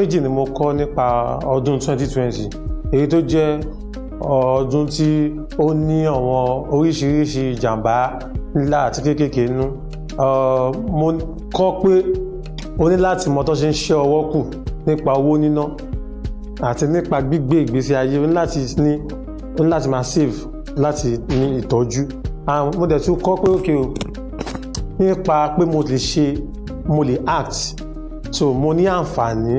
méjì ni mo kọ́ nípa ọdún 2020 èyí tó jẹ́ ọdún tí ó ní àwọn oríṣiríṣi ìjàmbá ńlá àti kéékèèké nú mo kọ́ pé o ní láti mọ tó ṣe ń ṣe ọwọ́ kù nípa owó níná àti nípa gbígbé ìgbésí ayé o ní láti ní o ní láti máa save láti ní ìtọ́jú mo dẹ̀ tún kọ́ pé òkè o nípa pé mo lè ṣe mo lè act so mo ní àǹfààní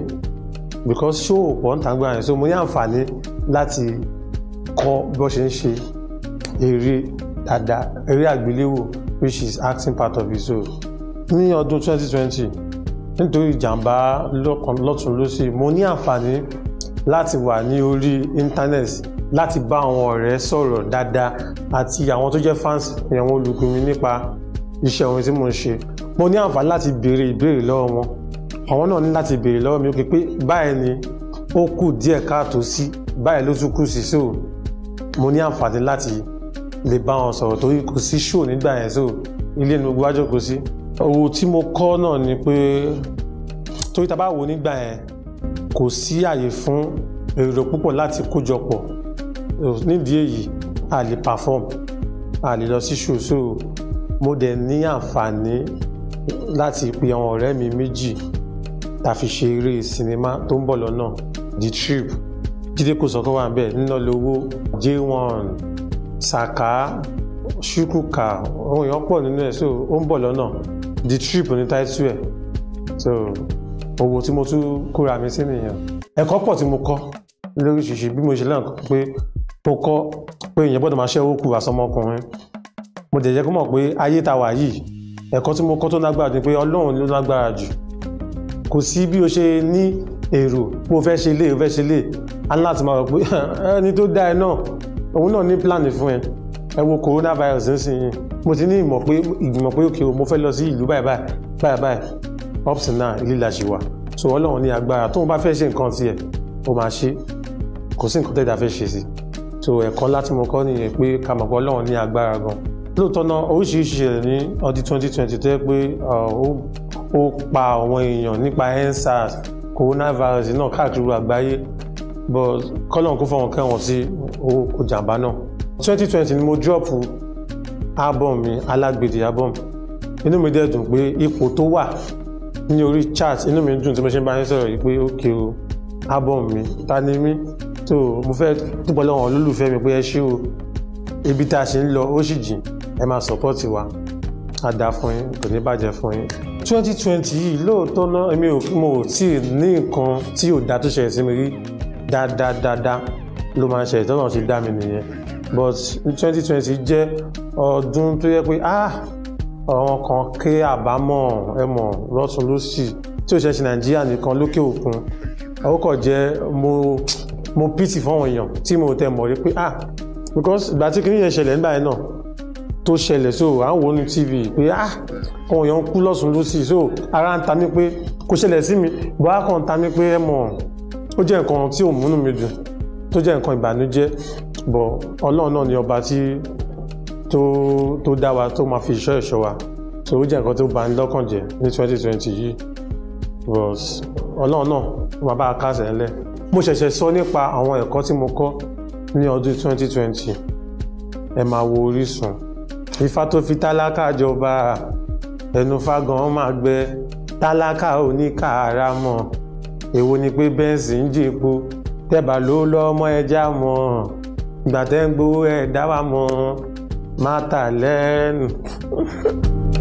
because ṣó òpọ̀ ń tàgbà yẹn so mo ní àǹfààní láti kọ́ bí wọ́n ṣe ń ṣe eré dáadáa eré àgbéléwò which is acting part of it so ní ọdún 2020 nítorí ìjàmbá lọ́tún lọ́sí mo ní àǹfààní láti wà ní orí íńtánẹ́ẹ̀tì láti bá àwọn ọ̀rẹ́ sọ̀rọ̀ dáadáa àti àwọn tó jẹ́ fans àwọn olùkùnmi nípa iṣẹ́ orin tí mo ń ṣe mo ní àǹfààní láti béèrè ìbéèrè lọ́wọ́ wọn àwọn náà ní láti béèrè lọ́wọ́ mi ó ké pé báyìí ni ó kù díẹ̀ káàtó sí báyìí ló tún kù sí so mo ní àǹfààní láti lè bá wọn sọ̀rọ̀ torí kò sí ṣó nígbà yẹn so ilé ni gbogbo àjọkò sí owó tí mo kọ́ náà ni pé torí tá a bá wò nígbà yẹn kò sí àyè fún èrò púpọ̀ láti kójọpọ̀ nídìí èyí a lè perform a lè lọ sí show so mo dẹ̀ ní àǹfààní láti pe àwọn ọ̀rẹ́ mi méjì ta fi ṣe eré sinimá tó ń bọ̀ lọ́nà the trip jíde kò sọ́kọ́ wà bẹ́ẹ̀ nínà lówó j1 saka ṣukuka ohun èèyàn pọ̀ nínú ẹ̀ so ó ń bọ̀ lọ́nà the trip ní táìtù ẹ̀ so owó tí mo tún kóra mi sí nìyẹn ẹ̀kọ́ pọ̀ tí mo kọ́ lóríṣiríṣi bí mo ṣe náà pé mo kọ́ pé èèyàn gbọ́dọ̀ máa ṣe owó kù àsọmọkùnrin mo dẹ̀ jẹ́ kó mọ̀ pé ayé ta wà yìí ẹ̀kọ́ tí mo kọ́ tó lágbára jù pé ọlọ́run ló lágbára jù kò sí bí o ṣe ní èrò pé o fẹ́ ṣe lé o fẹ́ ṣe lé aláàtì máa rò pé ẹni tó dá ẹ náà òun náà ní plan fún ẹ ẹ wo coronavirus nísìnyí mo ti ní ìmọ̀ pé ìgbìmọ̀ pé òkè o mo fẹ́ lọ sí ìlú báyìí báyìí báyìí ups and down líla ṣì wà so ọlọ́run ní agbára tóun bá fẹ́ ṣe nǹkan tiẹ̀ ó máa ṣe kò sí nǹkan tẹ́jà fẹ́ ṣe sí so ẹ̀kọ́ láti mọ̀ kọ́ nìyẹn pé ká mọ̀ pé ọlọ́run ní agbára gan lóòótọ́ náà oríṣiríṣi ṣẹlẹ̀ ní ọdún twenty twenty tó yẹ pé uh, ó pa àwọn èèyàn nípa ensars coronavirus náà káàkiri àgbáyé but kọ́lọ̀ kó fọwọ́n kẹ́wọ̀n sí owó kò náà. twenty twenty ni mo drop album mi alágbèdè album inú mi dẹ̀ dùn pé ipò tó wà ní orí chart inú mi dùn tí mo ṣe ń bá yín sọ̀rọ̀ yìí pé ókè o album mi ta ni mí tó mo fẹ́ dúpẹ́ lọ́wọ́ olólùfẹ́ mi pé ẹ ṣé o ibi tá a ṣe ń lọ ó sì jìn ẹ máa support wa a dáa fún yín kò ní bàjẹ́ fún yín twenty twenty yìí lóòótọ́ náà èmi ò mo ò tí ì ní nǹkan tí ò dá tó ṣẹlẹ̀ sí mi rí dáadáa ló máa ń ṣẹlẹ̀ tọ́nà ṣe dá mi nìyẹn but twenty twenty jẹ́ ọdún tó yẹ pé ah ọ̀ràn kan ké àbámọ̀ ẹ̀mọ̀ lọ́tún lọ́sì tí ò ṣe ṣe nàìjíríà nìkan lókè òkun àwòkọ̀ jẹ́ mo mo pity fáwọn èèyàn tí mo tẹ̀ mọ̀ rí pé ah because ìgbà tí kìnìyàn ṣẹlẹ̀ nígbà yẹn náà tó ṣẹlẹ̀ so à ń wò ní tv pé ah àwọn èèyàn kú lọ́sùn lọ́sì so ara ń ta mí pé kò ṣẹlẹ̀ sí mi bọ́lá kan ń ta mí pé ẹ mọ̀ ó jẹ́ nǹkan tí ò múnú mi dùn tó jẹ́ nǹkan ìbànújẹ́ bọ̀ ọlọ́run náà ni ọba tí tó tó dá wa tó máa fi ìṣọ́ ìṣọ́ wa so ó jẹ́ nǹkan tó bá ní lọ́kàn jẹ́ ní twenty twenty yìí but ọlọ́run náà ó máa bá a kásẹ̀ ńlẹ̀ mo ṣẹ̀ṣẹ̀ sọ nípa àwọn ẹ̀kọ́ tí mo kọ́ ní ọdún twenty twenty ẹ máa wo Orísun ifá tó fi tálákà jọba ẹnu fagan máa gbẹ tálákà ò ní kàárà mọ́ èwo ni pé bẹ́ǹsì ń jìpó tẹ́bà ló lọ́mọ ẹja mọ́ gbàtẹ́ ń gbowó ẹ̀ dá wa mọ́ lẹ́nu.